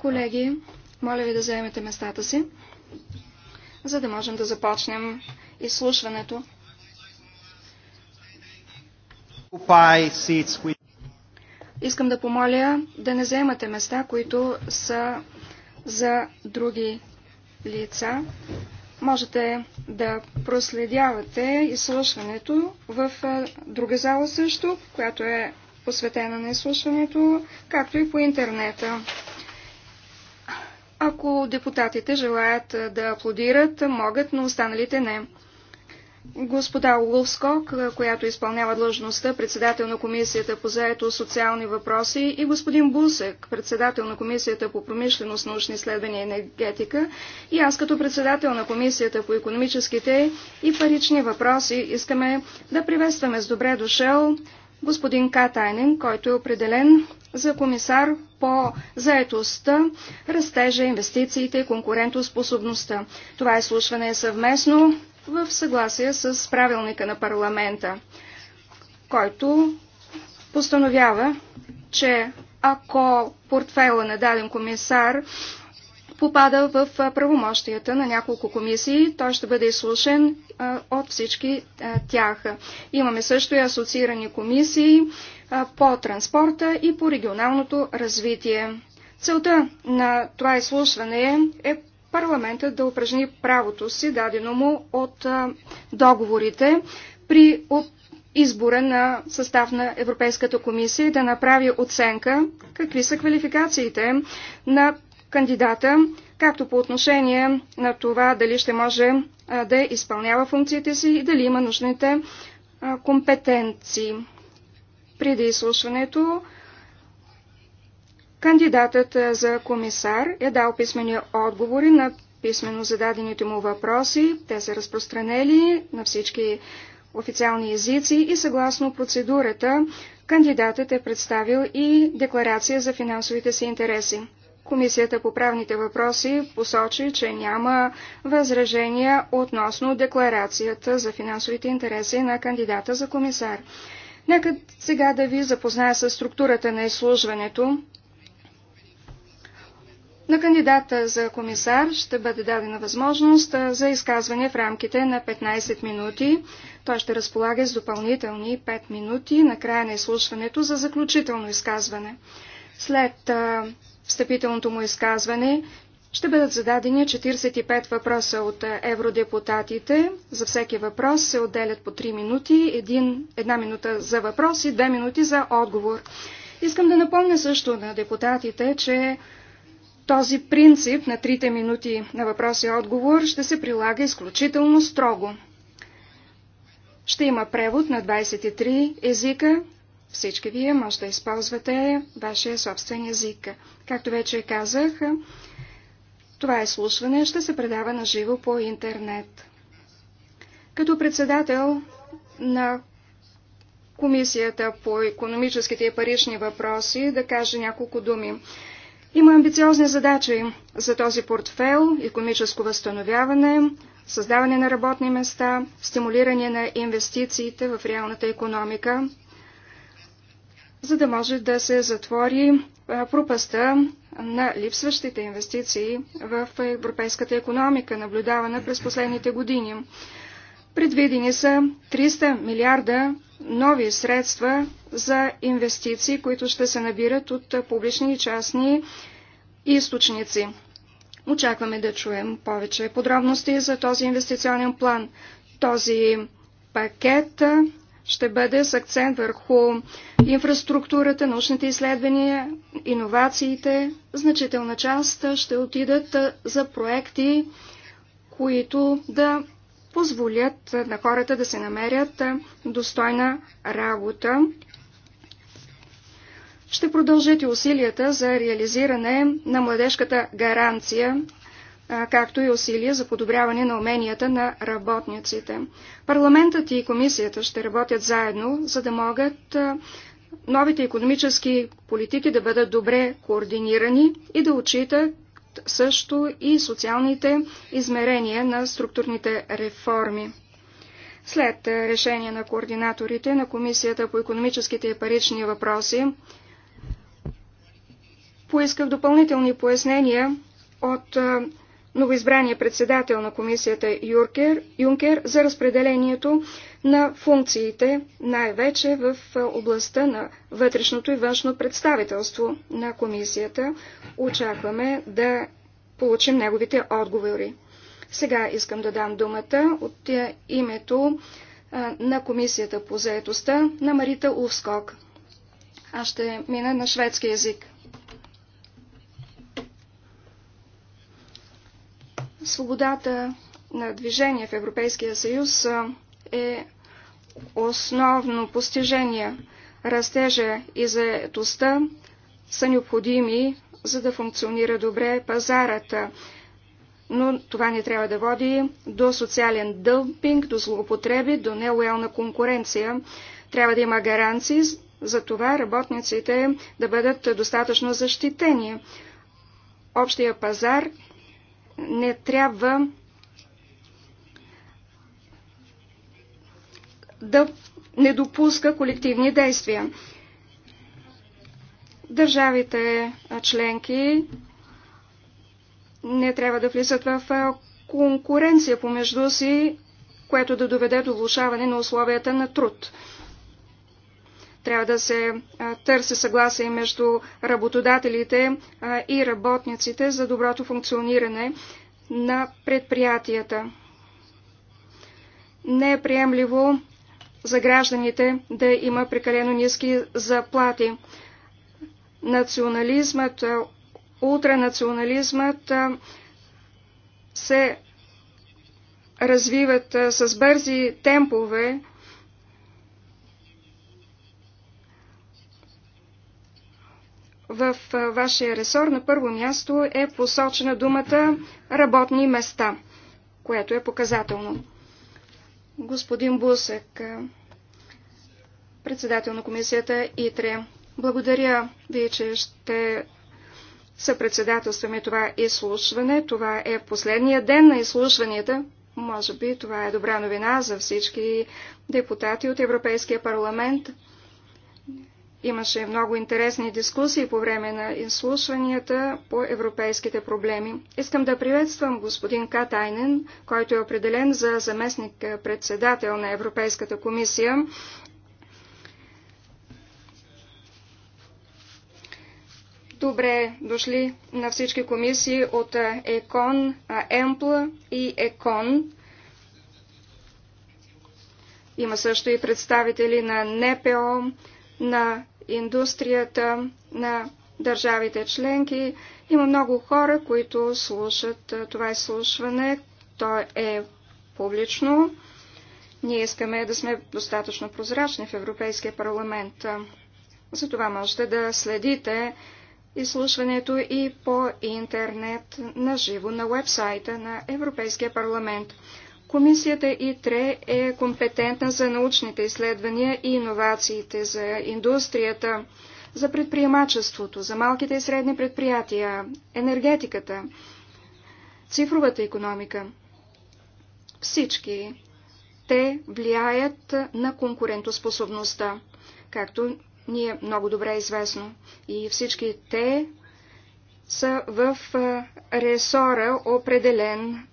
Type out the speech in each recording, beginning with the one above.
Колеги, моля ви да заемете местата си, за да можем да започнем изслушването. Искам да помоля да не заемате места, които са за други лица. Можете да проследявате изслушването в друга зала също, която е посветена на изслушването, както и по интернета. Ако депутатите желаят да аплодират, могат, но останалите не. Господа Улскок, която изпълнява длъжността председател на Комисията по заето социални въпроси и господин Бусек, председател на Комисията по промишленост, научни изследвания и енергетика и аз като председател на Комисията по економическите и парични въпроси искаме да приветстваме с добре дошъл господин Катайнен, който е определен за комисар по заетостта, растежа, инвестициите и конкурентоспособността. Това изслушване е съвместно в съгласие с правилника на парламента, който постановява, че ако портфела на даден комисар попада в правомощията на няколко комисии. Той ще бъде изслушен от всички тях. Имаме също и асоциирани комисии по транспорта и по регионалното развитие. Целта на това изслушване е парламентът да упражни правото си, дадено му от договорите, при избора на състав на Европейската комисия да направи оценка какви са квалификациите на кандидата, както по отношение на това дали ще може да изпълнява функциите си и дали има нужните компетенции. Преди изслушването кандидатът за комисар е дал писмени отговори на писменно зададените му въпроси. Те са разпространели на всички официални езици и съгласно процедурата кандидатът е представил и декларация за финансовите си интереси. Комисията по правните въпроси посочи, че няма възражения относно декларацията за финансовите интереси на кандидата за комисар. Нека сега да ви запозная с структурата на изслужването. На кандидата за комисар ще бъде дадена възможност за изказване в рамките на 15 минути. Той ще разполага с допълнителни 5 минути на края на изслушването за заключително изказване. След встъпителното му изказване ще бъдат зададени 45 въпроса от евродепутатите. За всеки въпрос се отделят по 3 минути, 1 една минута за въпрос и 2 минути за отговор. Искам да напомня също на депутатите, че този принцип на трите минути на въпрос и отговор ще се прилага изключително строго. Ще има превод на 23 езика, всички вие може да използвате вашия собствен език. Както вече казах, това изслушване ще се предава на живо по интернет. Като председател на Комисията по економическите и парични въпроси да каже няколко думи. Има амбициозни задачи за този портфел – економическо възстановяване, създаване на работни места, стимулиране на инвестициите в реалната економика, за да може да се затвори пропаста на липсващите инвестиции в европейската економика, наблюдавана през последните години. Предвидени са 300 милиарда нови средства за инвестиции, които ще се набират от публични и частни източници. Очакваме да чуем повече подробности за този инвестиционен план. Този пакет ще бъде с акцент върху инфраструктурата, научните изследвания, иновациите. Значителна част ще отидат за проекти, които да позволят на хората да се намерят достойна работа. Ще продължите усилията за реализиране на младежката гаранция както и усилия за подобряване на уменията на работниците. Парламентът и комисията ще работят заедно, за да могат новите економически политики да бъдат добре координирани и да отчитат също и социалните измерения на структурните реформи. След решение на координаторите на Комисията по економическите и парични въпроси, поисках допълнителни пояснения от новоизбрания председател на комисията Юркер, Юнкер за разпределението на функциите, най-вече в областта на вътрешното и външно представителство на комисията. Очакваме да получим неговите отговори. Сега искам да дам думата от името на комисията по заедостта на Марита Увскок. Аз ще мина на шведски язик. Свободата на движение в Европейския съюз е основно постижение. Растежа и заетостта са необходими, за да функционира добре пазарата. Но това не трябва да води до социален дълпинг, до злоупотреби, до нелоялна конкуренция. Трябва да има гаранции за това работниците да бъдат достатъчно защитени. Общия пазар не трябва да не допуска колективни действия. Държавите членки не трябва да влизат в конкуренция помежду си, което да доведе до влушаване на условията на труд. Трябва да се търси съгласие между работодателите и работниците за доброто функциониране на предприятията. Не е приемливо за гражданите да има прекалено ниски заплати. Национализмът, ултранационализмът се развиват с бързи темпове в вашия ресор на първо място е посочена думата работни места, което е показателно. Господин Бусек, председател на комисията ИТРЕ, благодаря ви, че ще съпредседателстваме това изслушване. Това е последния ден на изслушванията. Може би това е добра новина за всички депутати от Европейския парламент. Имаше много интересни дискусии по време на изслушванията по европейските проблеми. Искам да приветствам господин Катайнен, който е определен за заместник-председател на Европейската комисия. Добре дошли на всички комисии от ЕКОН, ЕМПЛ и ЕКОН. Има също и представители на НПО, на индустрията на държавите членки. Има много хора, които слушат това изслушване. То е публично. Ние искаме да сме достатъчно прозрачни в Европейския парламент. Затова можете да следите изслушването и по интернет на живо на вебсайта на Европейския парламент. Комисията ИТРЕ е компетентна за научните изследвания и иновациите, за индустрията, за предприемачеството, за малките и средни предприятия, енергетиката, цифровата економика. Всички те влияят на конкурентоспособността, както ни е много добре известно. И всички те са в ресора определен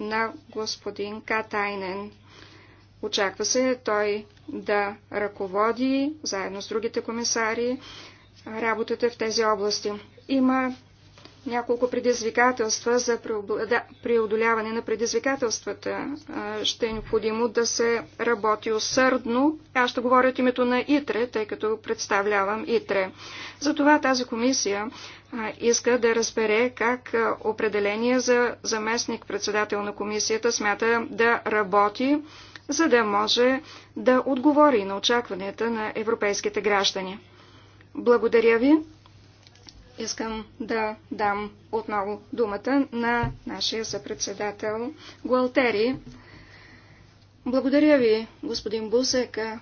на господин Катайнен. Очаква се той да ръководи, заедно с другите комисари, работата в тези области. Има няколко предизвикателства за преодоляване на предизвикателствата. Ще е необходимо да се работи усърдно. Аз ще говоря от името на ИТРЕ, тъй като представлявам ИТРЕ. Затова тази комисия иска да разбере как определение за заместник председател на комисията смята да работи, за да може да отговори на очакванията на европейските граждани. Благодаря ви. Искам да дам отново думата на нашия съпредседател Гуалтери. Благодаря ви, господин Бусека.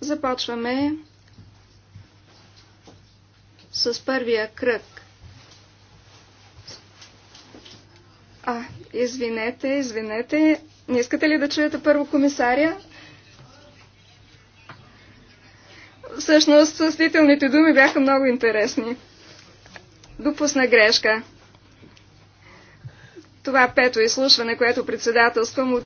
Започваме с първия кръг. А, извинете, извинете. Не искате ли да чуете първо комисаря? Всъщност, състителните думи бяха много интересни допусна грешка. Това пето изслушване, което председателствам,